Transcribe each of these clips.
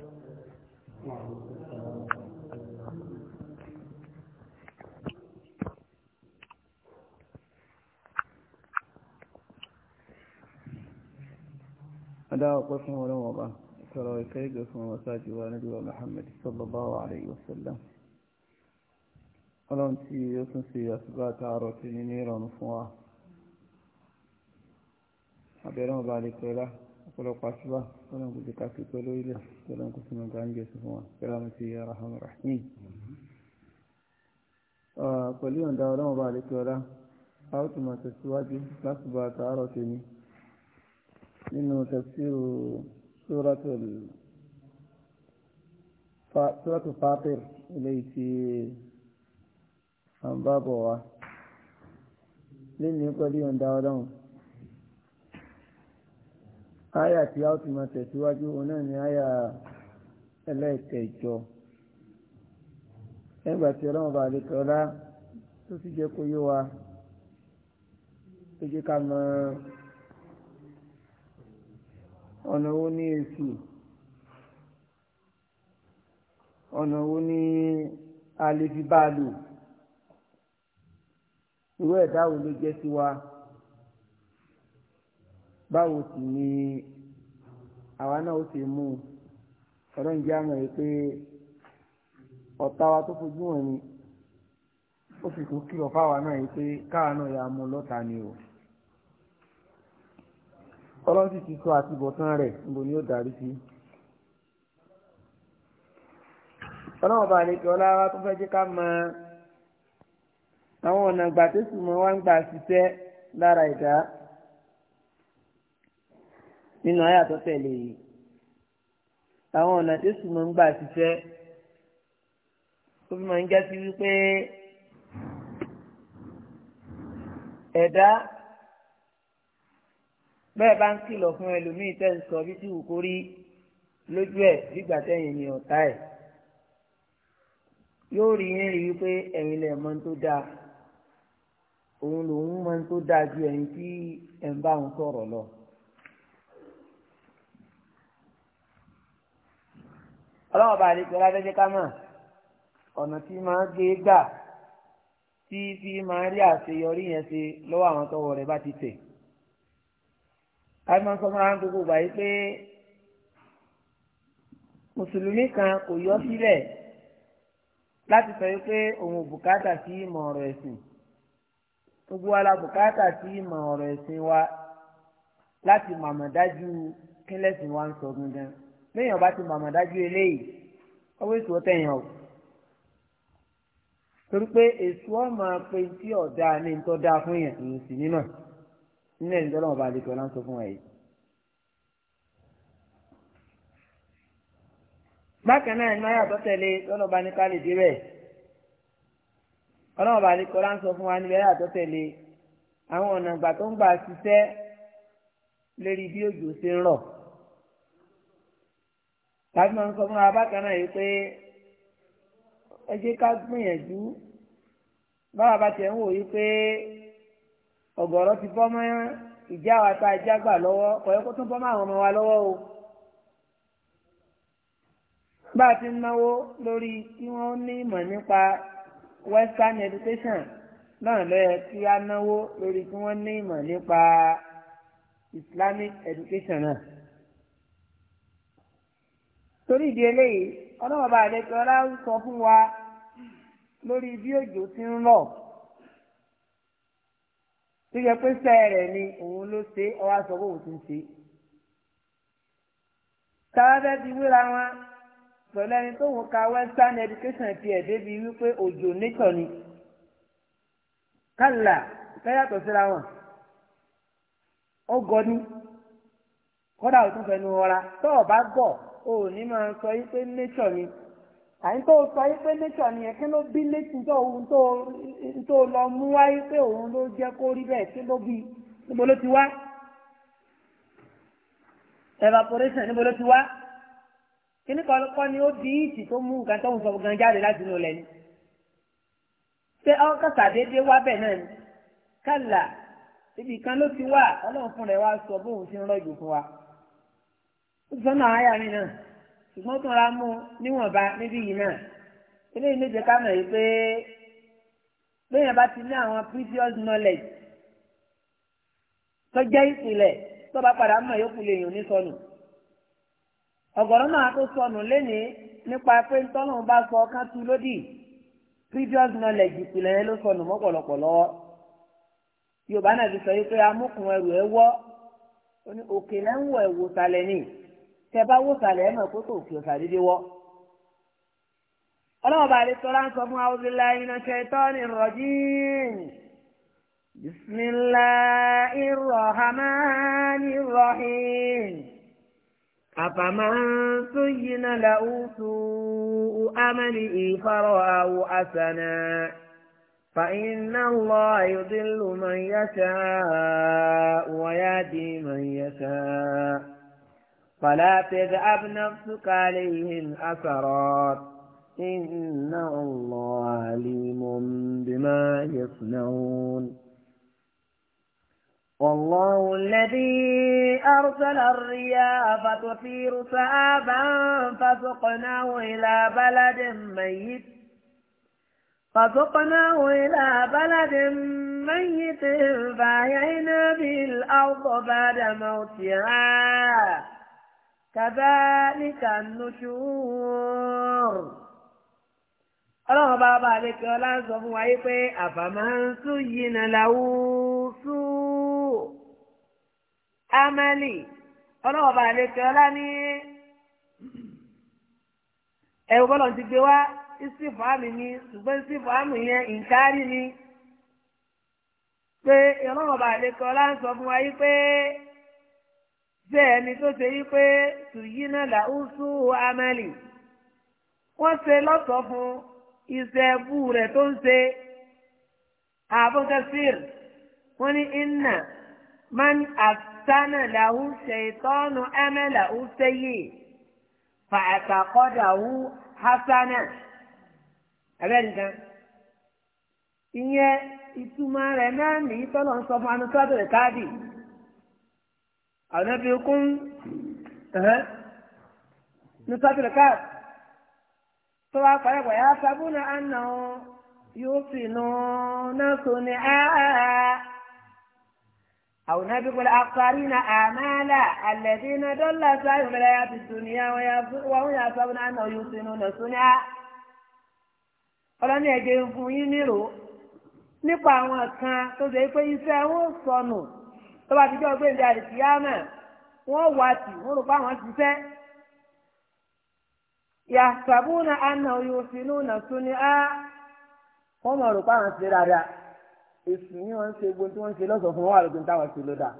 هذا قسم ولا وضع محمد صلى الله عليه وسلم ولو انتي يسن سي اثبات عروتي نيرا نفوا ọ̀pọ̀lọpọ̀ àṣìbá ọ̀nà kò jẹ́ ká fi pẹ́ lórí ilẹ̀ ọ̀nà kò sínú ọgbà ń jẹ́ sí fún wa kíra mi ti yára hàn rà ní. Hmm. pẹ̀lú ọ̀dà ọlọ́run bá àdékè ọlá a ó tún máa tẹ̀síwájú láti bá àtàárọ̀ tèmi nínú tafsiru sóràtò fàtìr eléyìí tí à ń bá bọ̀ wá lẹ́nu pẹ̀lú ọ̀dà ọlọ́run áyà tí a ó ti máa tẹ̀síwájú òun náà ni áyà ẹlẹ́ẹ̀kẹjọ nígbà tí ọlọ́run bá lè tọ́lá tó sì jẹ́ kó yé wa tó jẹ́ ká mọ ọ̀nà owó ní èsì ọ̀nà owó ní alẹ́fibálù ìwé ẹ̀dá wo ló jẹ́ sí wa báwo sì ni àwa náà ó sì mú un ọlọ́run jẹ́ àmọ̀ yìí pé tó fojú wọn ni ó fi kó kìlọ̀ fáwa náà yìí pé náà mú ni o ọlọ́run ti sọ àtibọ̀tán rẹ̀ níbo ni ó darí sí. ọlọ́run bá kí tó fẹ́ jẹ́ ká mọ àwọn ọ̀nà ìgbà tó sì lára ìdá. nínú ayé àtọ́tẹ̀lé yìí àwọn ọ̀nà tí sùnmọ́ ń gbà ṣiṣẹ́ tó fi máa ń jásí wípé ẹ̀dá bẹ́ẹ̀ bá ń kìlọ̀ fún ẹlòmíì tẹ́ ń sọ bí tí wù kó lójú ẹ̀ nígbà tẹ́yìn ni ọ̀tá ẹ̀ yóò rí yín rí wípé ẹ̀yin lẹ̀ mọ́ tó dáa òun lòun mọ́ tó dáa ju ẹ̀yin tí ẹ̀ ń bá òun sọ̀rọ̀ lọ. ọlọ́wọ́n bá àlejò lábẹ́jẹ́ ká mọ̀ ọ̀nà tí máa gbé gbà tí fi máa rí àṣeyọrí yẹn ṣe lọ́wọ́ àwọn tọwọ́ rẹ̀ bá ti tẹ̀. káyọ̀ sọ fúnra gbogbo gbà yí pé mùsùlùmí kan kò yọ sílẹ̀ láti sọ yí pé òun ò bùkátà sí ìmọ̀ ọ̀rọ̀ ẹ̀sìn gbogbo wa la bùkátà sí ìmọ̀ ọ̀rọ̀ ẹ̀sìn wa láti mọ̀ àmọ̀dájú kílẹ̀sìn wa ń sọ gangan lẹ́yìn ọba ti màmá dájú eléyìí ọwọ́ èso tẹ̀yìn ọ̀ torí pé èso ọmọ pé tí ọ̀dà ní ntọ́ dáa fún yẹn kì í sì nínà nílẹ̀ ní tọ́lọ́mọ bá àlejò ọ̀la ń sọ fún wa yìí. bákan náà ní ayàtọ̀ tẹ̀lé tọ́lọ́ bá ní ká lè dé bẹ́ẹ̀ ọlọ́mọ bá àlejò ọ̀la ń sọ fún wa níbi ayàtọ̀ tẹ̀lé àwọn ọ̀nà ìgbà tó ń gbà ṣiṣẹ́ lérí bí òjò ṣe ń rọ̀ tàbí máa ń sọ fún abákan náà yìí pé ẹ jẹ́ ká gbìyànjú báwa bá tiẹ̀ ń wò yìí pé ọ̀gọ̀rọ̀ ti bọ́ mọ́ ìjà wa ta ìjà gbà lọ́wọ́ ọ̀yọ́ kó tún bọ́ mọ́ àwọn ọmọ wa lọ́wọ́ o. bá a ti ń náwó lórí kí wọ́n ní ìmọ̀ nípa western education náà ló yẹ kí a náwó lórí kí wọ́n ní ìmọ̀ nípa islamic education náà torí ìdí eléyìí ọlọ́wọ́ bá àlejò ọlá ń sọ fún wa lórí bí òjò ti ń rọ̀ tó yẹ pé sẹ́ẹ̀ rẹ̀ ni òun ló ṣe ọwọ́ aṣọ bóun ti ń ṣe. táwa fẹ́ fi wéra wọn pẹ̀lú ẹni tó ń ka western education tiẹ̀ débi wípé òjò nature ni kálà fẹ́yàtọ̀ síra wọn ó gọ ní kódà ó tún fẹnu ọra tó o bá gọ̀ o ní máa sọ yí pé nature ni àyín tó sọ yí pé nature ni ẹ̀kí ló bí létí tó ohun tó lọ mú wá yí pé òun ló jẹ́ kó rí bẹ́ẹ̀ tí ló bí níbo ló ti wá evaporation níbo ló ti wá kíní kọ́ ni ó di ìtì tó mú nǹkan tó ń sọ gan jáde láti inú ilẹ̀ ni ṣé ọkọ̀ sàdédé wá bẹ́ẹ̀ náà ni kálà ibì kan ló ti wà ọlọ́run fún rẹ̀ wá sọ bóun ti ń rọ́jò fún wa ó sọ náà àyà mi náà ṣùgbọ́n tó ra mú níwọ̀nba níbí yìí náà eléyìí ló jẹ́ ká mọ̀ yìí pé lóyìn bá ti ní àwọn previous knowledge tó jẹ́ ìpìlẹ̀ tó bá padà mọ̀ yókù lè yàn ní sọnù ọ̀gọ̀rọ̀ náà tó sọnù lénìí nípa pé ntọ́nù bá sọ kán tu lódì previous knowledge ìpìlẹ̀ yẹn ló sọnù mọ́pọ̀lọpọ̀ lọ́wọ́ yorùbá náà ti sọ yìí pé amúkùn ẹrù ẹ wọ́ òkè lẹ́wọ̀ ẹ̀wò sàlẹ̀ nìyí tẹ bá wò sàlẹ̀ ẹ̀ mọ̀ kó tó fi ọ̀sà dídí wọ́. ọlọ́wọ́ bá lè sọ́ra ń sọ fún a'udhu billahi minash shaitonir rajim. bismillahir rahmanir rahim. afaman zuyyina lahu su'u amalihi fara'ahu hasana. فإن الله يضل من يشاء ويهدي من يشاء فلا تذهب نفسك عليهم أثرات إن الله عليم بما يصنعون والله الذي أرسل الرياح فتثير سحابا فسقناه إلى بلد ميت فسقناه إلى بلد ميت فأحيينا به الأرض بعد موتها kàdáníkà nùṣùúrù ọlọ́run bá bá àlekè ọlá ń sọ fún wa yí pé àbámá ń sún yìí nà láwù sùn amẹ́lì ọlọ́run bá àlekè ọlá ní ẹ̀rù bọ́lọ̀ ti gbé wá ìsìnkú àmì ni ṣùgbọ́n ìsìnkú àmì yẹn ìkárí ni pé ọlọ́run bá àlekè ọlá ń sọ fún wa yí pé bẹ́ẹ̀ ni tó ṣe wípé tùyínà làúsù amẹ́lì wọ́n ṣe lọ́sọ̀ọ́ fún iṣẹ́ bú rẹ̀ tó ń ṣe àbúkẹ́sìr wọ́n ní iná man àtànà làwù ṣètọ́nù ẹ̀mẹ́ làwù ṣẹ́yì fàtàkọ́dàwù hasana abẹ́nìkan ìyẹn ìtumọ̀ rẹ̀ náà nìyí tọ́lọ̀ ń sọ fún anusọ́dọ̀ rẹ̀ káàdì ànábi kún ní sábìlì káàd tó wá parí wà yá sábúnà àná yóò fi nù náà tó ní àá. أو نبغ الآخرين آمالا الذين دل سعيهم في الحياة الدنيا وهم يحسبون أنه يحسنون صنعا ọlọ́ni ẹ̀jẹ̀ fún yín nípa àwọn kan tó ṣe pé iṣẹ́ wọn sọnù tó bá ti jọ gbé ìdí àdìsíyámà wọ́n wà tì wọ́n rò pé àwọn ti fẹ́. yàtàbùnà àna òyìnbó nà súnni á wọ́n mọ̀ rò pé àwọn ti fẹ́ dáadáa èsì ni wọ́n ń ṣe gbogbo tí wọ́n ń ṣe lọ́sọ̀ọ́ fún wọn àlùkò táwọn ti lò dáa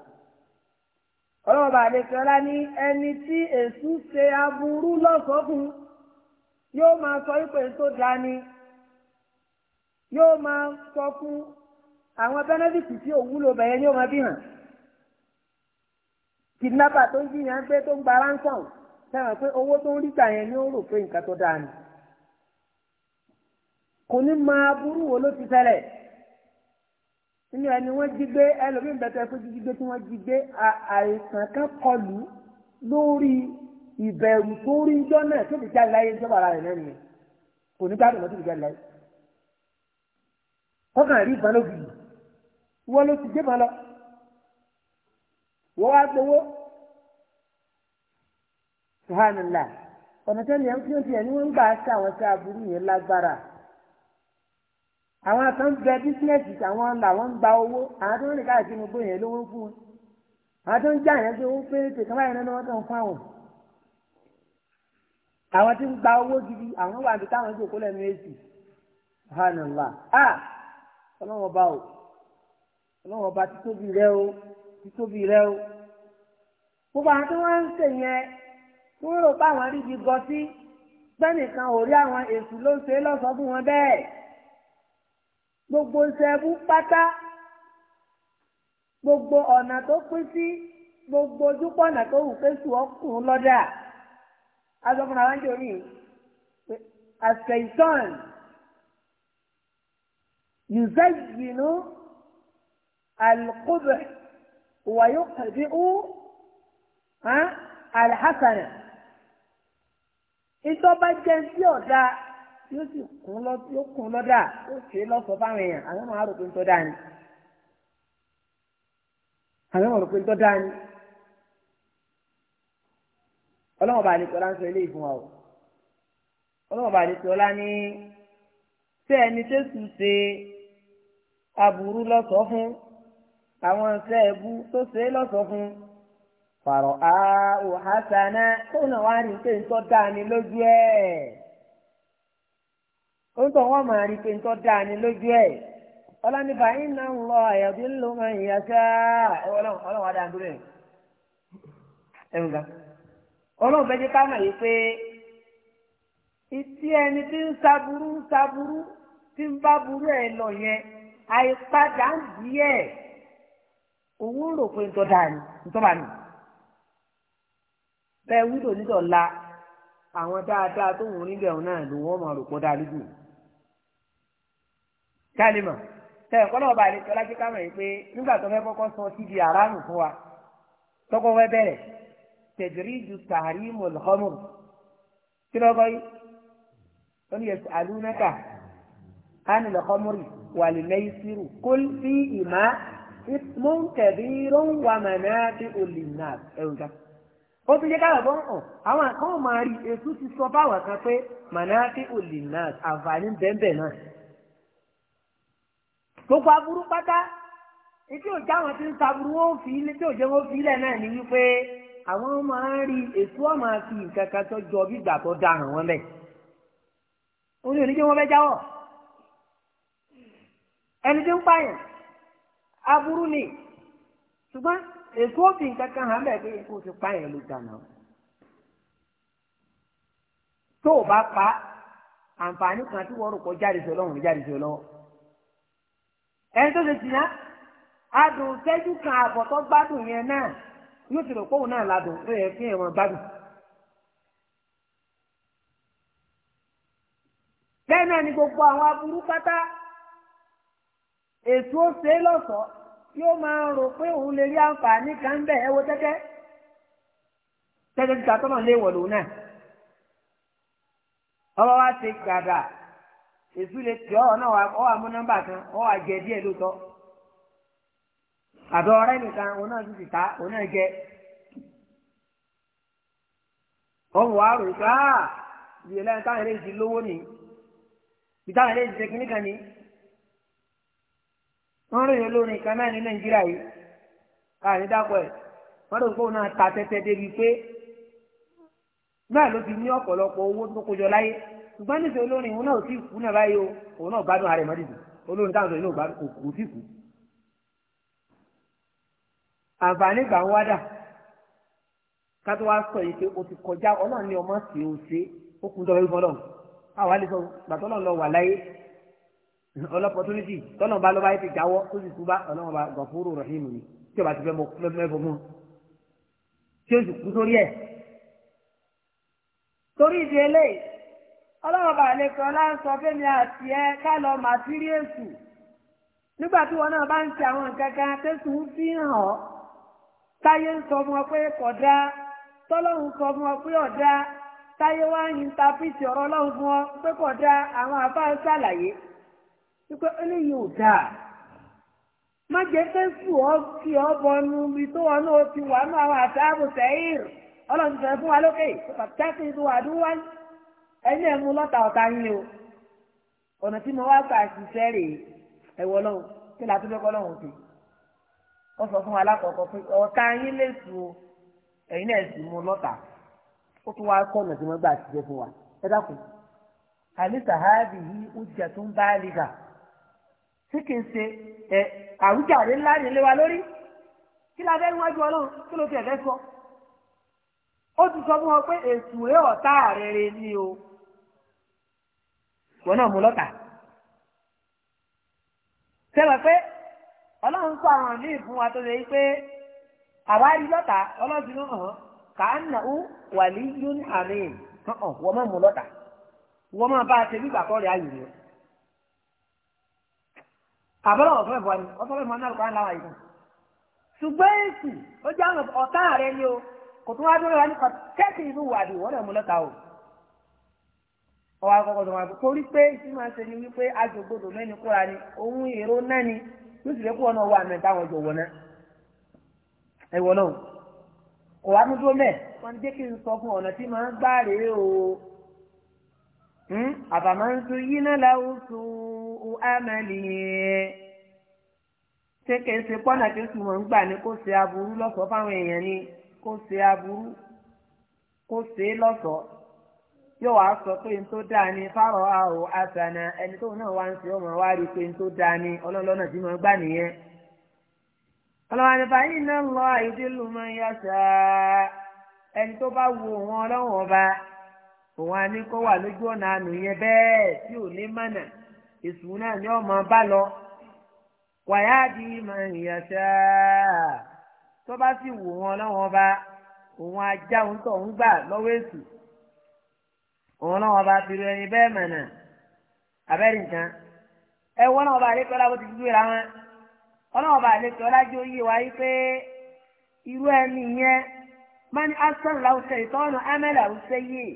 ọlọ́wọ́ bá lè sọ́lá ní ẹni tí èṣù ṣe aburú lọ́sọ̀ọ́kùn yóò máa sọ wípé tó dání yóò máa sọ fún àwọn bẹ́nẹ́fìtì tí òwúlò bẹ̀yẹn yóò máa bí hàn kidnapper tó ń jiyàn pé tó ń gba ransom sẹ́wọ̀n pé owó tó ń rí gbà yẹn ni ó rò pé nǹkan tó dáa ni kò ní máa burú wo ló ti ṣẹlẹ̀ nínú ẹni wọ́n jí gbé ẹlòmíín bẹ̀tẹ̀ fún jíjí gbé tí wọ́n jí gbé àìsàn kan kọlù lórí ìbẹ̀rù tó rí ijọ́ náà tó fi jáde láyé ìjọba ara rẹ̀ náà nìyẹn kò ní gbádùn mọ́ tó fi jáde láyé kọ́kàn rí ìbọn wọ́n ló ti dé bọ́n lọ wọ́n wá gbowó subhanallah ọ̀nà tẹ́lẹ̀ ń fíjọ́ tiẹ̀ ni wọ́n ń gbà ṣe àwọn ṣe aburú yẹn lágbára àwọn kan bẹ bísíǹnẹ̀sì àwọn làwọn ń gba owó àwọn tó ń rìn káàkiri gbogbo yẹn lówó fún wọn àwọn tó ń já yẹn tó ń péréte kí wọ́n yẹn lọ́wọ́ tó ń fún àwọn àwọn tí ń gba owó gidi àwọn wà ní táwọn ìjòkó lẹ́nu èsì subhanallah ah ọlọ́wọ́n bá o ọlọ́wọ́n bá títóbi rẹ o títóbi rẹ o gbogbo àwọn tí wọ́n ń ṣe yẹn wọ́n rò pé àwọn ríbi gọ sí gbẹ́nìkan ò rí àwọn èsù ló ń ṣe lọ́sọ̀ọ́ fún wọn bẹ́ẹ̀ gbogbo ṣẹ́bú pátá gbogbo ọ̀nà tó pín sí gbogbo ojúpọ̀ ọ̀nà tó wù pé sùn ọkùnrin lọ́dà azọkùnrin àwọn jò ní àṣẹ̀yìntàn yùzẹ́yìnú alukóbẹ̀ wàyó kàdí ú alhassanah ìtọ́ bá jẹ́ sí ọ̀dà yóò sì kún lọ yóò kún lọ́dà yóò ṣe é lọ́sọ̀ fáwọn èèyàn àwọn máa rò pé ń tọ́ dáa ni àwọn máa rò pé ń tọ́ dáa ni ọlọ́wọ́n bá ní tọ́lá ń sọ eléyìí fún wa o ọlọ́wọ́n bá ní tọ́lá ní ṣé ẹni tó sùn ṣe aburú lọ́sọ̀ fún àwọn ṣẹ́ tó ṣe lọ́sọ̀ fún. fàrọ̀ áwò hasana tóun náà wá rí pé ntọ́ dáa lójú ẹ̀ ó ń tọ́ wọ́n máa rí pé ntọ́ dáa lójú ẹ̀ ọlọ́nìfà iná ń lọ àyàbí ló máa ń yà sá ọlọ́run dúró ẹ̀ ọlọ́run bẹ́ẹ̀ ká mọ̀ yìí pé ìtí ẹni tí ń saburú ń saburú tí ń bá burú ẹ̀ lọ yẹn àìpadà ń di ẹ̀ òun rò pé bá bẹ́ẹ̀ wúlò nídọ̀la àwọn dáadáa tó wù níbẹ̀ òun náà ló wọ́n máa rò pọ̀ dálúgbò. kálímà tẹ ẹ̀kọ́ náà bá lè tọ́lá sí kámẹ́ yìí pé nígbà tó fẹ́ kọ́kọ́ sọ sí di aráàlú fún wa tọ́kọ́ fẹ́ bẹ̀rẹ̀ tẹ̀dírìjù sàárì mọ̀lọ́mù kí lọ́kọ́ yìí wọ́n yẹ alúnáka ánì lọ́kọ́mùrì wàlì lẹ́yìísírù kul fi ìmá ìmú kẹ̀bírún wàmẹ̀nà bí olùnà ó tún jẹ́ káyọ̀ hàn àwọn kan máa rí èso ti sọ fáwọn kan pé manaki olinas àǹfààní bẹ́ẹ̀bẹ́ẹ̀ náà gbogbo aburú pátá etí ò já wọn ti ń ta aburu o fi ilé tí ò jẹ́ fi ilẹ̀ náà ní wípé àwọn fi nǹkan kan tó jọ bí ìgbà tó da hàn wọn bẹ́ẹ̀ ó ní oníjẹ́ wọn fẹ́ jáwọ́ ẹni tí ń pààyàn aburú ni ṣùgbọ́n. èkó fi nǹkan kan hàn bẹ́ẹ̀ pé èkó ti pa yẹn ló dànù tó o bá pa àǹfààní kan tí wọ́n rò kọ́ jáde sí ọlọ́run jáde sí ọlọ́run ẹni tó ṣe tìǹà adùn ṣẹ́jú kan àbọ̀tọ́ gbádùn yẹn náà yóò ti rò pé òun náà ládùn ó yẹ kí yẹn wọn gbádùn. bẹ́ẹ̀ náà ni gbogbo àwọn aburú pátá èso ṣe lọ́sọ̀ọ́. yóò máa rò pé òun lè rí àǹfààní kan ka ẹ wo tẹ́tẹ́ tẹ́tẹ́ títa tọ́nà lé wọ̀ lòun náà ọwọ́ wa ti gbàgbà èsù lè tì ọ́ náà ọ wà mú nọ́mbà kan ọ wà jẹ díẹ̀ lóòótọ́ àbẹ nìkan òun náà ti òun náà jẹ ọmọ wa rò ah, táwọn eléyìí ti lówó ni táwọn wọ́n ròyìn olórin kan náà ní nàìjíríà yìí káàní dápọ̀ ẹ̀ wọ́n ròyìn fóun náà ta tẹ́tẹ́ débi pé náà ló ti ní ọ̀pọ̀lọpọ̀ owó tó kójọ láyé ṣùgbọ́n níṣẹ́ olórin òun náà ò tíì kú náà báyìí o òun náà gbádùn ara ẹ̀ mọ́dìdì olórin táwọn sọ yìí náà kò tíì kú. àǹfààní gbà ń wádà ká wá sọ yìí pé o ti kọjá ọlọ́run ní ọmọ sí o ṣe ó kún tọ́ ọlọ́pọ̀tunitì tọ́nà bá lọ́ba yìí ti jáwọ́ ó sì túbá ọlọ́run bá gọ̀fúrú rahimu ni tí o bá ti fẹ́ mẹ́fọ́ mọ́ tí o sì kú sórí ẹ̀. torí ìdí eléyìí ọlọ́run bá lè kọ́ láǹsọ fẹ́mi àti ẹ ká lọ màtíríèsù nígbà tí wọn náà bá ń ṣe àwọn nǹkan kan tẹ̀sùn ń fi hàn ọ́ táyé ń sọ fún ọ pé kò dáa tọ́lọ́run sọ fún ọ pé ò dáa táyé wá ń yin ta fíìsì ọ̀rọ̀ ọlọ́run fún ọ pé kò dáa àwọn àfáà ń ṣàlàyé wípé eléyìí ò dáa má jẹ́ fi tó wọn náà ti wà nù àwọn àtàbò sẹ́yìn ọlọ́run sọ̀rọ̀ fún wa lókè pàtàkì ìlú àdúrà ẹni ẹ̀mú lọ́ta ọ̀tá yín o ọ̀nà tí mo wá gbà ṣiṣẹ́ rèé ẹ̀wọ̀ lọ́wọ́ kí la tó fẹ́ kọ́ lọ́wọ́ sọ tí kì í ṣe ẹ àwùjáde ńlá ní ilé wa lórí kí la fẹ́ wájú ọlọ́run kí ló ti ẹ̀fẹ́ sọ. ó ti sọ fún pé èsù rẹ ni o wọn náà mú lọ́tà. sẹ́wọ̀n pé ọlọ́run sọ àwọn wa tó pé àwa rí lọ́tà ní yún àmì wọ́n máa mú lọ́tà wọ́n máa bá a ṣe bí àbẹ́rẹ́ ọ̀fẹ́ bọ̀ ni ọ̀fẹ́ bọ̀ náà kọ́ láwọn ìgbà ṣùgbọ́n èsì ó jẹ́ àwọn ọ̀tá rẹ ni o kò tún wá dúró láti kẹ́sì ìlú wàdí wọ́n rẹ̀ mú lọ́ta o ọwọ́ akọ́kọ́ tó máa torí pé ìsìn máa ń ṣe ni wípé àjògbodò mẹ́ni kúra ni ohun èrò náà ni ló sì lè kú ọ̀nà wà mẹ́ta àwọn jọ̀wọ́ náà ẹ̀wọ̀ náà kò wá dúró mẹ́ wọ́n dé kí n sọ fún ọ̀nà tí máa ń gbá rèé o hmm? àbàmọ́ ń sun yín náà láwùjọ amẹ́lì ṣé kìí ṣe pọ́nà tí sùn wọ́n ń gbà ní kó ṣe aburú lọ́sọ̀ọ́ fáwọn èèyàn ni kó ṣe aburú kó ṣe lọ́sọ̀ọ́ yóò wá sọ pé n tó dáa ni fárọ̀ àrò àṣàna ẹni tóun náà wá ń ṣe ọmọ wa rí i pé n tó dáa ni ọlọ́lọ́nà tí wọ́n gbà nìyẹn. ọlọ́wọ́n àti náà lọ ìdílù máa ń ẹni tó bá wo òun ọlọ́wọ́n ọba òun á ní kó wà lójú ọ̀nà àná yẹn bẹ́ẹ̀ tí ò ní mọ̀nà. èsù náà ni ọmọ bá lọ wàyáàdì man tó bá sì wù wọn lọ́wọ́n bá òun ajá òun tó ń gbà lọ́wọ́ èsù òun lọ́wọ́n bá fi ẹni bẹ́ẹ̀ mọ̀nà abẹ́rẹ́ nǹkan ẹ wọ́n náà bá àlékọ́ lábọ́ ti dúró ra wọn ọlọ́wọ́n bá àlékọ́ lájú yé wa yí pé irú ẹni yẹn mani asọ́nù làwùsẹ̀ ìtọ́nù amẹ́lẹ̀ àwùsẹ̀ yìí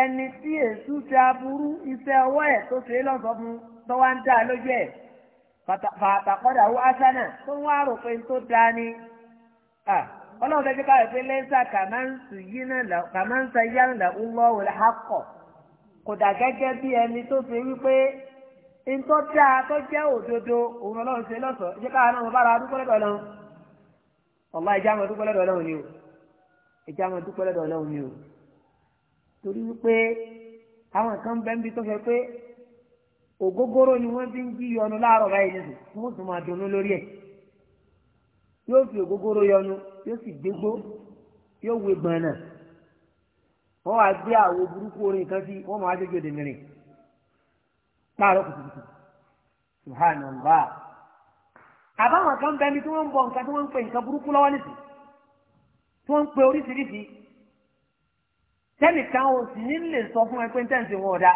ẹni tí èṣù ti aburú iṣẹ́ ọwọ́ ẹ̀ tó ṣe lọ́sọ̀ fún tó wá ń dá lójú ẹ̀ fàtàkọ́dà wọ asánà tó ń wá rò pé tó dáa ni ọlọ́run fẹ́ẹ́ ká rẹ̀ pé lẹ́sà kàmáǹsì yánà làwọn lọ́wọ́ rẹ̀ á kọ̀ kò dà gẹ́gẹ́ bí ẹni tó fi wípé ntọ́ dáa tó jẹ́ òdodo òun ọlọ́run ṣe lọ́sọ̀ ṣé káwọn àwọn dúpẹ́ lọ́dọ̀ ọlọ́run ni o ìjà torí wípé àwọn kan bẹ́ẹ̀ bí tó fẹ́ pé ògógóró ni wọ́n fi ń jí yọnu láàárọ̀ báyìí nìyí tí wọ́n tún máa dunnú lórí ẹ̀ yóò fi ògógóró yọnu yóò sì dégbó yóò wé gbọ̀nà wọ́n wá gbé àwo burúkú orin kan sí wọ́n máa dégbé dèmìrìn láàárọ̀ kùtùkùtù subhanallah àbáwọn kan bẹ́ẹ̀ ni tí wọ́n ń bọ nǹkan tí wọ́n ń pè nǹkan burúkú lọ́wọ́ nìyí tí wọ́n ń pè tẹ́nìkan ò sì ní lè sọ fún ẹ pé tẹ́ǹsì wọn ọ̀dà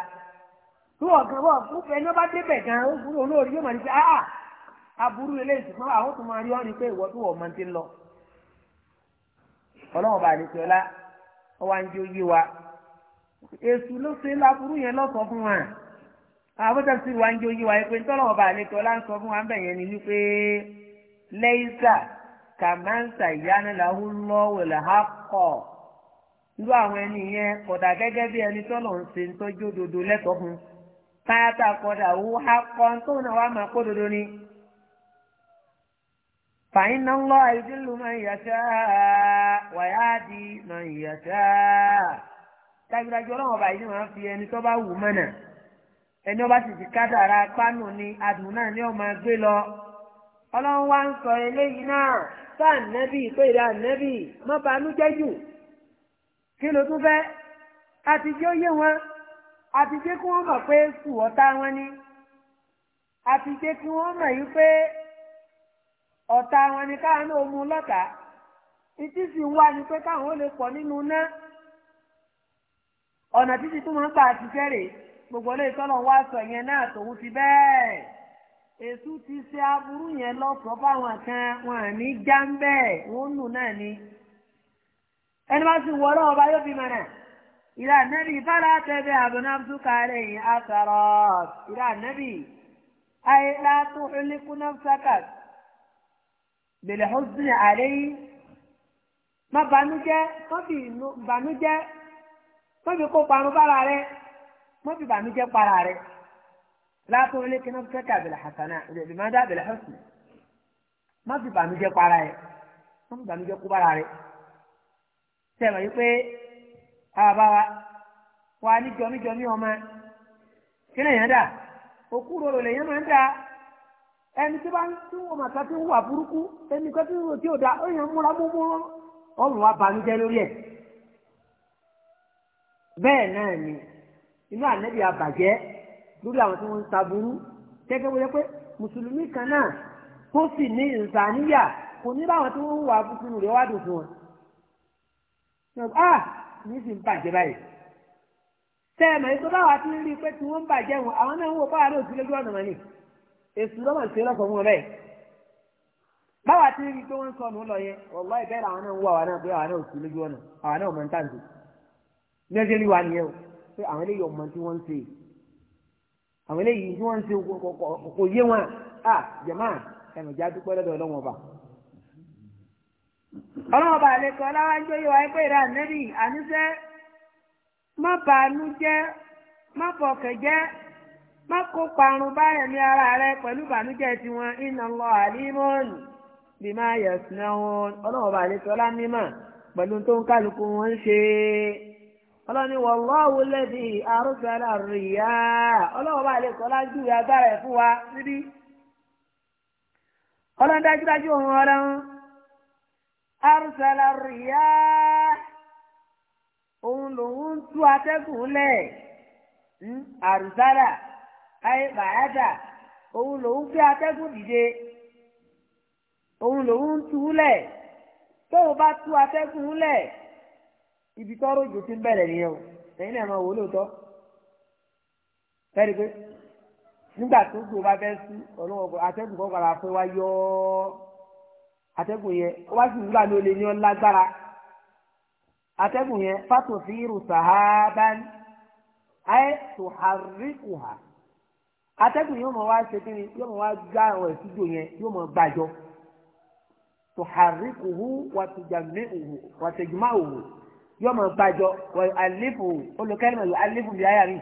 tí wọ́n gan wọ́n fún ẹni bá débẹ̀ gan ó burú olórí yóò máa ní pé áà aburú eléyìí ṣùgbọ́n àwọn tó máa rí ọ́ ni pé ìwọ tó wọ̀ máa ti lọ. ọlọ́run bá àdìsí ọlá ó wá ń jó yé wa èṣù ló ṣe láburú yẹn lọ́sọ̀ fún wa àwọn tó ti wá ń jó yé wa pé tọ́lọ́run bá àdìsí ọlá ń sọ fún wa ń bẹ̀ yẹn ni wípé lẹ́yìn sà kàmáǹsà ìyá irú àwọn ẹni yẹn kọ̀dà gẹ́gẹ́ bí ẹni tọ́lọ̀ ń ṣe tó jó dodo lẹ́tọ̀ọ́ fún káyàtà kódà wú akọ tó náà wà máa kó dodo ni. fàyín náà lọ ìdílù máa ń yàtá wàyáàdì máa ń yàtá. dájúdájú ọba fi ẹni tó bá wù mọ́nà ẹni ọba sì ti kádàrá pánù ni náà ni ó máa gbé lọ. ọlọ́run wá ń sọ eléyìí náà sáà nẹ́bì kí ló tún fẹ́ àtijọ́ yé wọn àtijọ́ kí wọ́n mọ̀ pé sùn wọn ni àtijọ́ kí wọ́n mọ̀ yí pé ọ̀tá wọn ni káwọn náà mú ìtí sì ń wá ni pé káwọn ó lè pọ̀ nínú ná ọ̀nà títí tó máa ń gbà àtijọ́ gbogbo ìtọ́nà wá sọ yẹn náà ti bẹ́ẹ̀ ti ṣe aburú yẹn lọ́sọ̀ọ́ wọn ní nù ẹni bá ti wọ́rọ́ ọba yóò fi mọ̀nà ìrà nẹ́bì fara tẹ́bẹ̀ àbúnáfú kààrẹ̀ yìí àtàrọ̀ ìrà nẹ́bì ayé látó ìlẹ́kùnà sákàt bẹ̀rẹ̀ ọ̀sìn àlẹ́ yìí má banújẹ́ mọ́bì banújẹ́ mọ́bì kó parun bára rẹ̀ mọ́bì banújẹ́ para rẹ̀ látó ìlẹ́kùnà sákàt bẹ̀rẹ̀ hasana bẹ̀rẹ̀ mọ́dá bẹ̀rẹ̀ ọ̀sìn mọ́bì banújẹ́ para rẹ̀ mọ́bì banújẹ́ kó bára rẹ̀. sẹ́wọ̀n yìí pé àbá wa wà ní jọmíjọmí ọmọ kí lè yẹn dà òkú rorò lè yẹn máa ń dà ẹni tí bá ń tún ọmọ kan tí ń wà burúkú ẹni kan tí ń bẹ́ẹ̀ náà ni inú lórí àwọn tí ń ta burú yẹ pé mùsùlùmí kan náà tó sì ní ìsàníyà kò ní báwọn tí ń ah mi sì ń bàjẹ́ báyìí tẹ́ẹ̀mọ̀ ètò báwa ti rí i pé tí wọ́n ń bàjẹ́ wọn àwọn náà ń wò báwa náà sí lójú ọ̀nà mọ́ni èsù lọ́mọ̀ sí lọ́kọ̀ fún wọn bẹ́ẹ̀ báwa ti rí i pé wọ́n ń sọnù lọ yẹn ọ̀gbọ́ ìbẹ́ làwọn náà ń wò àwọn náà pé àwọn náà sí lójú ọ̀nà àwọn náà mọ̀ ń tàǹtì ní ọjọ́ ìwà nìyẹn o pé àwọn eléyìí ọmọ tí wọ́n ń ṣe àwọn eléyìí tí wọ́n ń ṣe kò yé wọn à jẹ̀má ẹ̀mọ̀já dúpẹ́ lọ́dọ̀ ọlọ́wọ́n ọba ọlọ́ọ̀bà àlekọ láwájú yóò wáyé pé ìrà nẹ́bì àníṣẹ́ má bàánú jẹ́ má fọkẹ̀ jẹ́ má kó parun bá ẹ̀mí ara rẹ pẹ̀lú bàánújẹ́ tiwọn iná lọ àlímọ́ọ̀nù bí máa yẹ̀ sínú wọn ọlọ́ọ̀bà àlekọ lámímà pẹ̀lú tó ń kálukú wọn ṣe ọlọ́ni wọ̀lọ́wọ́ lẹ́bi àrùsọ̀lá rìyà ọlọ́ọ̀bà àlekọ lájú agbára ẹ̀ arúsàlà rìá òun lòun tú atẹ́gùn lẹ̀ arúsàlà hmm? ayé bàyàdà òun lòun gbé atẹ́gùn dìde òun lòun tú lẹ̀ tóun bá tú atẹ́gùn lẹ̀ ibi tọ́rọ òjò ti ń bẹ̀rẹ̀ nìyẹn o ẹ̀yin náà máa wò lóòótọ́ fẹ́ẹ́ rí pé nígbà tó gbòó bá fẹ́ sí ọlọ́wọ́ atẹ́gùn kọ́ kọ́ra pé wá yọ atẹ́gùn yẹn ó wá sí nígbà ló lè ní ọ lágbára atẹ́gùn yẹn fàtò sí irú sàhábán ayé tòháríkùhà atẹ́gùn yóò mọ̀ wá ṣe kí ni yóò mọ̀ wá gbá àwọn ìsúdò yẹn yóò mọ̀ gbàjọ tòháríkùhù wàtẹ̀jùmáhùhù yóò mọ̀ gbàjọ wọ àlífù olùkẹ́rìmọ̀ yóò àlífù bí ayà mi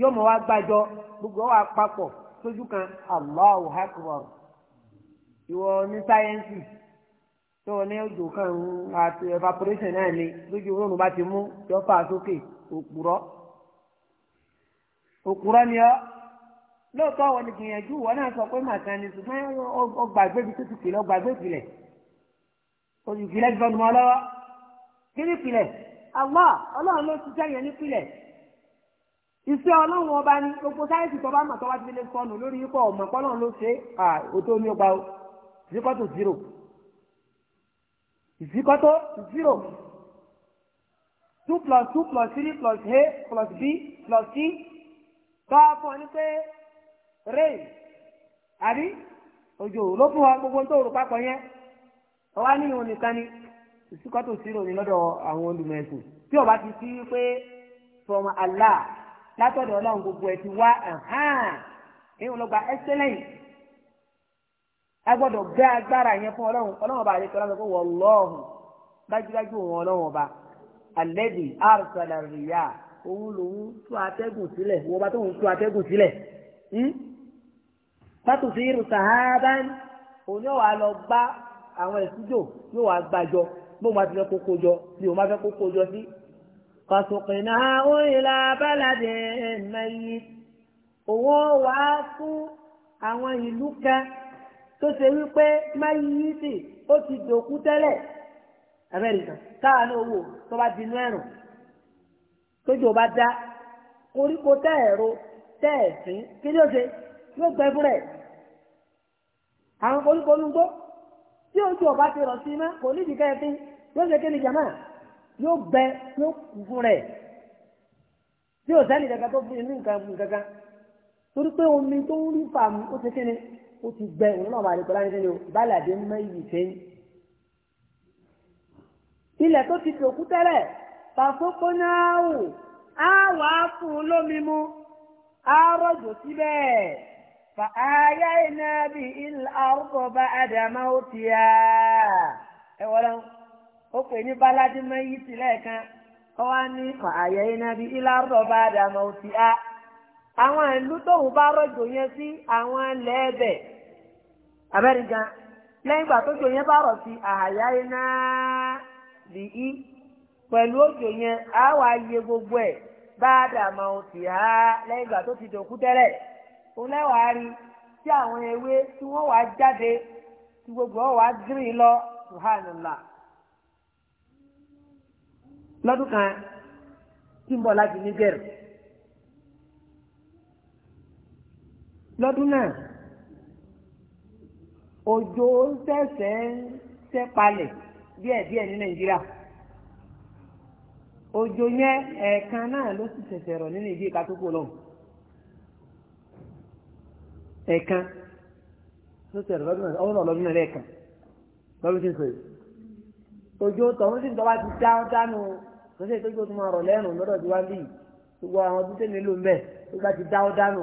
yóò mọ̀ wá gbàjọ gbogbo wa papọ̀ sójú kan Allahu akbar ìwọ ní sáyẹ́ǹsì tó o ní òjò kan àti evaporation náà ni lójú oorun bá ti mú yọ fà sókè òpùrọ́ òpùrọ́ ni ọ́ lóòótọ́ wọn ni gbìyànjú wọn náà sọ pé màkà ni ṣùgbọ́n ó gbàgbé ibi tó ti pè lọ gbàgbé ìpìlẹ̀ olùpìlẹ̀ gbọ́n mọ́ lọ́wọ́ kí ni ìpìlẹ̀ Allah ọlọ́run ló ti sẹ́yìn nípìlẹ̀ iṣẹ́ ọlọ́run ọba ni gbogbo sáyẹ́ǹsì tó bá mọ̀ tó wá ti fi lè sọnù lórí ipò ọ̀mọ̀ pọ́lọ́run ló ṣe é à òtó ní ó gbà ó ìsíkọ́tò zero ìsíkọ́tò zero two plus two plus three plus a plus b plus c tọ́ a fún ọ ní pé rain àbí òjò ló fún wa gbogbo tó rò papọ̀ yẹn ọwá ní ìwọ̀n nìkan ni ìsíkọ́tò zero ni lọ́dọ̀ àwọn olùmẹ̀sìn tí ọba ti sí pé from Allah látọ̀dọ̀ ọlọ́run gbogbo ẹ̀ ti wá ẹ̀hán èyí ló gba excellence a gbọ́dọ̀ gbé agbára yẹn fún ọlọ́run ọlọ́run ọba àdékọ́lá sọ pé wallahu dájúdájú òun ọlọ́run ọba alladhi arsala rìyà òun lòun tú atẹ́gùn sílẹ̀ òun ọba tóun tú atẹ́gùn sílẹ̀ fátòsí irun sàhábán òun yóò wá lọ gbá àwọn ẹ̀sùjò yóò wá gbàjọ bó ma ti fẹ́ kókó jọ bí o ma fẹ́ kókó jọ sí. kọ̀sùnkìnà òyìnlá bálàdé ẹ̀ẹ́nà yìí òun wá fún àwọn ìlú kan tó ṣe wípé máyíyítì ó ti dòkú tẹ́lẹ̀ amẹ́ríkà káà ní owó tó bá dinú ẹ̀rùn tójò bá dá koríko tẹ́ ẹ̀rọ tẹ́ ẹ̀sìn kí ni ó ṣe yóò gbẹ fúnra ẹ̀ àwọn koríko ló ń gbó tí ojú ọba ti rọ̀ sí mọ́ kò nídìí kẹ́ẹ̀fín yóò ṣe kí ni jàmá yóò gbẹ yóò kú fúnra ẹ̀ tí ò sẹ́ni kankan tó fún inú nǹkan kankan torí pé omi tó ń rí fàmù ó ṣe kí ni. ó ti gbẹ òun náà bá rí pẹ̀lú àyẹ̀sẹ̀ o bálàdé ń mọ iyì sẹ́yìn. ilẹ̀ tó ti tòkú tẹ́lẹ̀ fàfókó náà wò á wà á fún un lómi mu á rọ̀jò síbẹ̀. فآيينا به الأرض بعد موتها ẹ wọ́n ó pè ní báládé mẹ́yìí sílẹ̀ kan ó wá ní àwọn ìlú tóun bá rọ̀jò yẹn sí àwọn ilẹ̀ ẹbẹ̀ abẹ́rìngan lẹ́yìn ìgbà tó jò yẹn bá rọ̀ sí àyà iná lì í pẹ̀lú òjò yẹn á wàá yẹ gbogbo ẹ̀ bá a dà máa ń tì á lẹ́yìn ìgbà tó ti dòkú tẹ́lẹ̀ òun lẹ́wàá rí tí àwọn ewé tí wọ́n wàá jáde tí gbogbo ọ̀ wàá gírì lọ subhanallah lọ́dún kan tí ń bọ̀ láti nígẹ̀rù. lọ́dún náà òjò ń ṣẹ̀ṣẹ̀ ń ṣẹ́palẹ̀ díẹ̀díẹ̀ ní nàìjíríà òjò yẹn ẹ̀ẹ̀kan náà ló sì ṣẹ̀ṣẹ̀ rọ̀ nínú ìdí ìka tó kù lọ́hùn ẹ̀ẹ̀kan ló ṣẹ̀rọ̀ lọ́dún náà ọ̀rọ̀ lọ́dún náà lẹ́ẹ̀kan lọ́dún tí ń sọ̀rọ̀ òjò tọ̀hún sì ń tọ́wá ti dá dánú lọ́sẹ̀ tó gbọ́dọ̀ máa rọ̀ lẹ́rùn lọ́dọ̀ tí wá ń bì gbogbo àwọn tó tẹ̀lé ló ń bẹ̀ tó bá ti dá dánú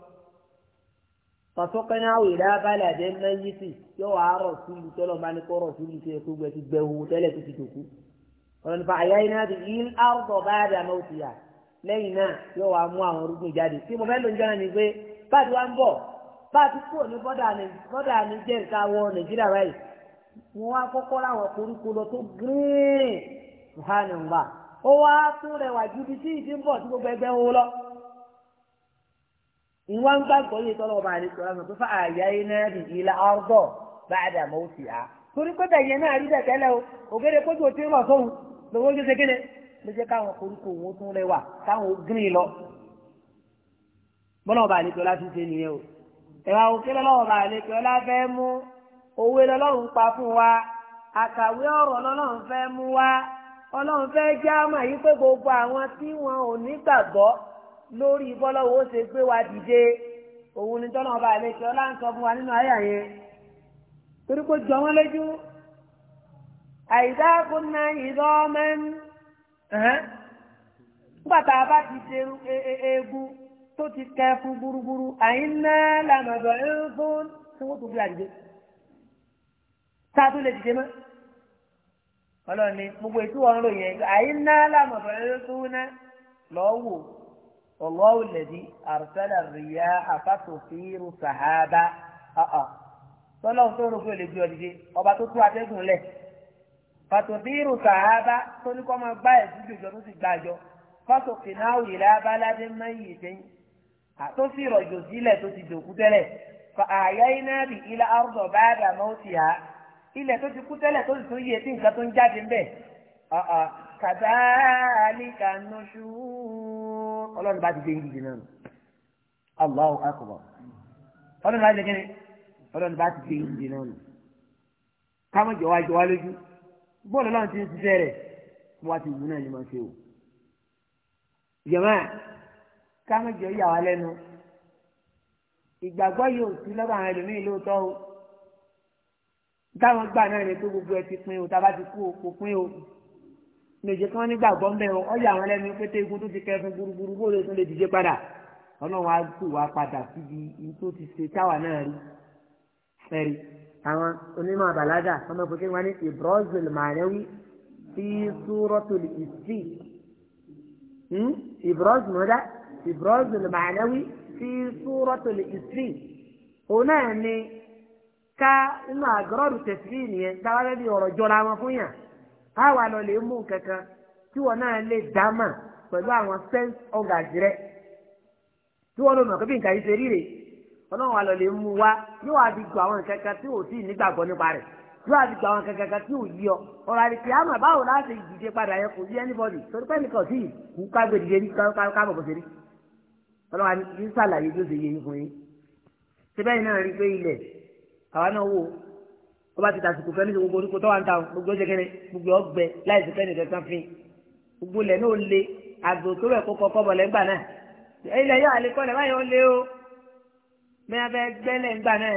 fàtọ́kẹ́ni àwọn ìdá abálẹ̀ àdé mẹ́yìtì yóò wá rọ̀ sílu tọ́lọ̀ máa ní kó rọ̀ sílu tó yẹ kó gbẹ ti gbẹ̀wò tẹ́lẹ̀ tó ti dòkú. ọ̀rọ̀ nípa iná ti yín àrùtọ̀ báyà bí àmọ́ òtìyà lẹ́yìn náà yóò wá mú àwọn orúkún jáde. tí mo fẹ́ ló jẹ́ ni pé báàtì wá ń bọ̀ báàtì kúrò ní bọ́dà ní jẹ́ ìka wọ nàìjíríà báyìí. wọ́n wá kọ́kọ́ láwọn koríko lọ tó gírín ìwọ́n ń gbàgbọ́ yìí tọ́lọ́ ọba àlejò ọ̀la tó fà àyà iná bìbí la ọ̀rọ̀ bá a dà mọ́ torí pé bẹ̀yẹn náà rí bẹ̀ o ògèrè kójú òtí rọ̀ sóhun lówó ń ṣe kéde ló jẹ́ káwọn koríko òun tún rẹwà káwọn gírin lọ. bọ́lá ọba àlejò ọ̀la ṣe nìyẹn o. ẹ̀wà òkè lọ́wọ́ ọba àlejò ọ̀la mú lórí bọ́lọ́wọ́ ó ṣe gbé wa dìde òun ni tọ́nà ọba àlejò ọlá ń sọ fún wa nínú àyà yẹn torí kó jọ wọ́n lójú àìdá kúnná ìdọ́ mẹ́rin nígbà tá a bá ti ṣe e, e, eegun tó ti kẹ fún gbúrúgbúrú àyínná làmọ̀dọ̀ ń fún tí wọ́n tó gbé àdìde tá a tún lè dìde mọ́ ọlọ́ni gbogbo ètò ọ̀run lò yẹn àyínná làmọ̀dọ̀ ń fún náà lọ́wọ́. Allahu alladhi arsala ar-riyaha fatuthiru sahaba tọ́lọ́hún tó rògbò lè gbé ọ dìde ọba tó tú atẹ́gùn lẹ̀ fatuthiru sahaba tó ní kọ́ máa gbá ẹ̀sùn jòjò tó sì gbàjọ fásitì náà wì lábáládé mẹ́yì sẹ́yìn tó sì rọ̀jò sílẹ̀ tó ti dòkú tẹ́lẹ̀ fa àyà iná bì ilá ọ̀rọ̀ báàgà mọ́tì á ilẹ̀ tó ti kú tẹ́lẹ̀ tó sì tún yẹ tí nǹkan tó ń jáde ń bẹ̀ kàdáàlì kànúṣùú ọlọ́run bá ti gbé yín dìde náà Allahu akbar ọlọ́run bá ti gbé ọlọ́run bá ti gbé yín dìde náà káwọn jọ wá jọ wá lójú bọ́ọ̀lù ọlọ́run ti ń ṣiṣẹ́ rẹ̀ wá ti wù náà ni máa ṣe o jẹ̀mọ́ káwọn jọ yà wá lẹ́nu ìgbàgbọ́ yóò sí lọ́dọ̀ àwọn ẹlòmíì lóòótọ́ o táwọn gbà náà ni pé gbogbo ẹ ti pín o tá a bá ti kú o kò pín o méje kí wọ́n nígbàgbọ́ ń bẹ̀ o ọ̀yà àwọn ẹlẹ́nu pété igun tó ti kẹfin gburugburu bó lè tún lè dìje padà ọlọ́run á tù wá padà síbi tó ti ṣe táwa náà rí fẹ́rí àwọn onímọ̀ àbàlágà ọmọ ìpínlẹ̀ wọn ní ìbúrọ́zìl màrẹ́wí fi súrọ́tòlì ìsì ìbúrọ́zìl mọ́dá ìbúrọ́zìl màrẹ́wí fi súrọ́tòlì ìsì òun náà ni ká inú àgọ́rọ̀dù tẹ̀sílì nìyẹn táwa lẹ́bi ọ̀rọ̀ jọra wọn fún yàn káwa lọ lè mú kankan tí wọn náà lè dá mà pẹ̀lú àwọn sense organs rẹ tí wọn lò mọ̀ kébì nǹkan yìí ṣe ríre ọlọ́run wa lọ lè mú wa yóò wá fi gbọ́ àwọn kankan tí ò tí ì nígbàgbọ́ nípa rẹ̀ yóò wá fi gbọ́ àwọn kankan tí ò yí ọ ọ̀rọ̀ àdìsí àmọ̀ báwo láti dìde padà yẹn kò sí anybody torí pé nìkan sí kú kágbé dìde ní kábọ̀ bó ṣe rí ọlọ́run wa ní sàlàyé bí ó ṣe yẹ yín fún yín ṣe bẹ́ẹ̀ náà rí pé ilẹ̀ àwa náà wò wọ́n bá ti tàsìkò fẹ́ ní gbogbo oníkó tó wà ń ta gbogbo jẹgẹrẹ gbogbo ọgbẹ láì sí fẹ́ni kankan fi gbogbo lẹ̀ náà le àgbò tó rẹ̀ kó kọ́kọ́ bọ̀ lẹ́gbà náà ilẹ̀ yóò àlékọ́ lẹ̀ báyọ̀ lé o mẹ́ta fẹ́ gbẹ́ lẹ́gbà náà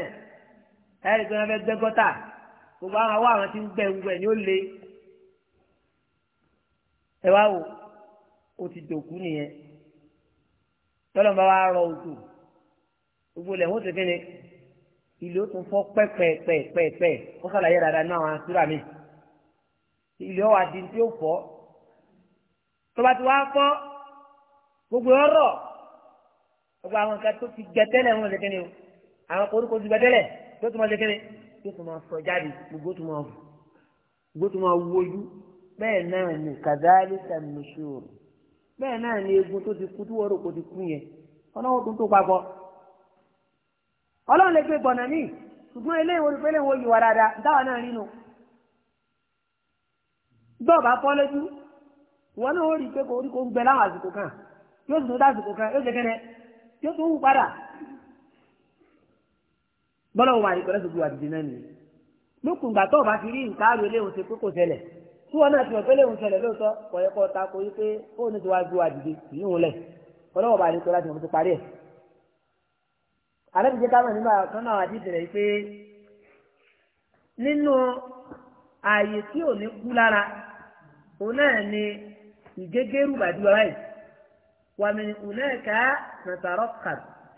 ẹ̀rí pé fẹ́ gbẹ́ gọ́tà gbogbo àwọn awọ àwọn tí ń gbẹ gbogbo ni ó le ẹ wá wò ó ti dòkú nìyẹn tọ́lọ́mọba rọ òjò gbogbo lẹ̀ wọ́n ni ilé ó tún fọ́ pẹ́pẹ́pẹ́pẹ́ ó sàlàyé dáadáa náà àwọn asúra mi ilé ó wà di tí ó fọ́ tọ́ba tí wàá fọ́ gbogbo ọ̀rọ̀ gbogbo àwọn nǹkan tó ti gbẹ tẹ́lẹ̀ wọn lè kẹ́ni o àwọn koríko ti gbẹ tẹ́lẹ̀ tó tún máa lè kẹ́ni tó tún máa sọ jáde gbogbo tó máa wù gbogbo tó máa wojú bẹ́ẹ̀ náà ni kàdáálì sàmùsùn bẹ́ẹ̀ náà ni egun tó ti kú tó wọ́rọ̀ kó ti kú yẹn ọ̀nà wọn tó tó papọ̀ ọlọ́run lè gbé gbọ̀nà míì ṣùgbọ́n ilé ìwòrán pé léwo yìí wà dáadáa dáwà náà nínú gbọ́ọ̀bà pọ́ lójú wọn náà ó rí i pé kò orí kò ń gbẹ láwọn àsìkò kan yóò sì tún dá àsìkò kan yóò ṣe kẹ́rẹ́ yóò tún wù padà bọ́lá wọn àyíkọ́ lẹ́sìn tó wà dìde náà nìyẹn lókùn ìgbà tó o bá fi rí nǹkan àrò ilé òun pé kò ṣẹlẹ̀ tí wọn náà ti mọ̀ pé léwu ṣẹlẹ̀ lóòótọ́ kọ̀yẹ́kọ́ kò yí pé ó ní ti wá gbé wa dìde ìyóhun lẹ̀ ọlọ́wọ́ bá àyíkọ́ láti mọ̀ tó parí ẹ̀ àlẹ́bí jẹ́ káwọn nígbà kan náà wà dídì rẹ̀ pé nínú ààyè tí ò ní kú lára òun náà ni ìgégérù bàdí wa báyìí wàmí òun náà ká nàtàrọ́ kà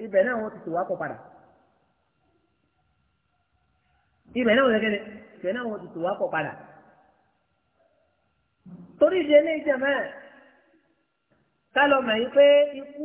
ibẹ̀ náà wọ́n ti tò wá pọ̀ padà ibẹ̀ náà wọ́n kẹ́lẹ́ ibẹ̀ náà wọ́n ti tò wá pọ̀ padà torí ìdí eléyìí jẹ̀ ká lọ mọ̀ yìí pé ikú.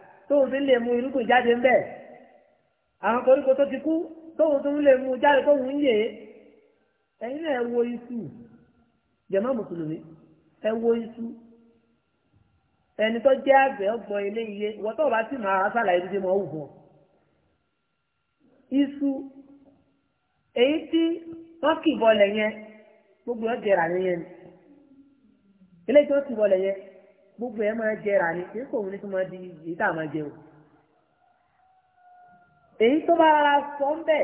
tóun ti lè mú irúgbìn jáde ńbẹ àwọn koríko tó ti kú tóun tó ń lè mú jáde tóun ń yè é ẹ̀yin náà ẹ wo iṣu jẹmọ mùsùlùmí ẹ wo iṣu ẹni tó jẹ àgbẹ̀ ọgbọ́n ilé iye wọn tó bá sì máa ṣàlàyé dídé mọ òwò fún ọ iṣu èyí tí wọn kì bọlẹ yẹn gbogbo ọjẹrà nìyẹn ni eléyìí tó kì bọlẹ yẹn. gbogbo ẹ máa jẹrà ni kí kò ní kí máa di èyí tá a máa jẹun èyí tó bá rárá sọ ń bẹ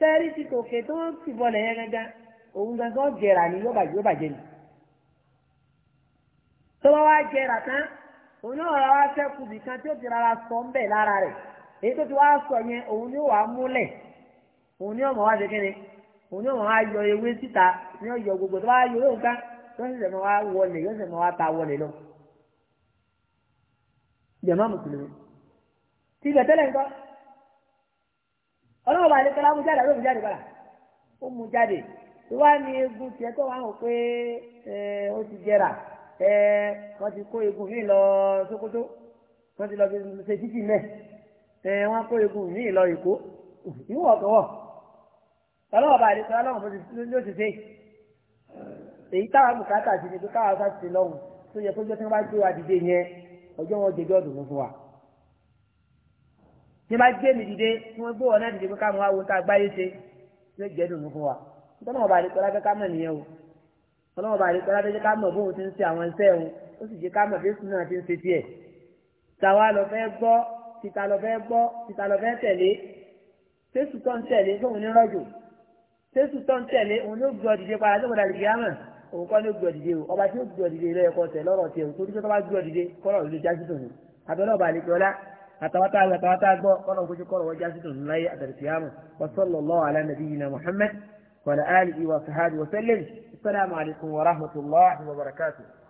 sẹẹrí ti tòkè tó ń sì bọlẹ̀ yẹn gángan òun jẹrà ni yóò bàjẹ́ yóò bàjẹ́ ni tó bá wá tán òun náà rárá sẹ́kù nìkan tí ó ti rárá sọ ń bẹ lára rẹ̀ èyí sọ yẹn òun ni ó wàá múlẹ̀ òun ni ṣe kíni òun ni yọ ewé síta ni ó yọ gbogbo tó bá yọ jẹ̀mọ́ mùsùlùmí tí ilẹ̀ tẹ́lẹ̀ nǹkan ọlọ́run bá àlekẹ́lá mú jáde àlọ́ mú jáde bára ó mú jáde tó wá ní egun tiẹ̀ tó wá hàn pé ó ti jẹrà wọ́n ti kó egun míì lọ Sókótó wọ́n ti lọ ṣe títì mẹ́ wọ́n kó egun míì lọ Èkó ìwọ̀ kọ̀wọ̀ ọlọ́run bá àlekẹ́lá lọ́run ló ti ṣe èyí táwọn bùkátà ti ní pé káwọn sá ti lọ́run tó yẹ kó jẹ́ tí wọ́n bá gbé wa dìde yẹn ọjọ́ wọn jẹjọ́ dùn fún wa. tí bá gbé mi dìde tí wọ́n wọn náà dìde pé káwọn wá tá a gbáyé ṣe yóò jẹ́ dùn fún wa. nítorí wọn bá rí kọ́lá fẹ́ mọ̀ nìyẹn o ọlọ́wọ́ bá rí kọ́lá fẹ́ ká mọ̀ bóun ti ń ṣe àwọn iṣẹ́ òun ó sì jẹ́ ká mọ̀ bẹ́sùn náà ti ń ṣe tiẹ̀. tàwa lọ fẹ́ gbọ́ tìta lọ fẹ́ gbọ́ tìta lọ fẹ́ tẹ̀lé tẹ́sù tó tẹ̀lé fóun ní rọ́jò tẹ́sù tó tẹ̀lé òun ló gbọ́ dìde padà tó padà dìde òun kọ́ ní ó gbé ọ̀dìdé o ọba tí ó gbé ọ̀dìdé ilé ẹ̀kọ́ tẹ̀ lọ́rọ̀ tiẹ̀ torí tó bá gbé ọ̀dìdé kọ́rọ̀ ló já sí tòun abẹ́rẹ́ ọba àlejò ọlá àtàwátá àtàwátá gbọ́ kọ́rọ̀ kojú kọ́rọ̀ wọ́n já sí tòun láyé àtàrìsíyàmù wa sallallahu ala nabiyyina Muhammad wa ala wa sahbihi wa sallam assalamu alaikum wa rahmatullahi wa barakatuh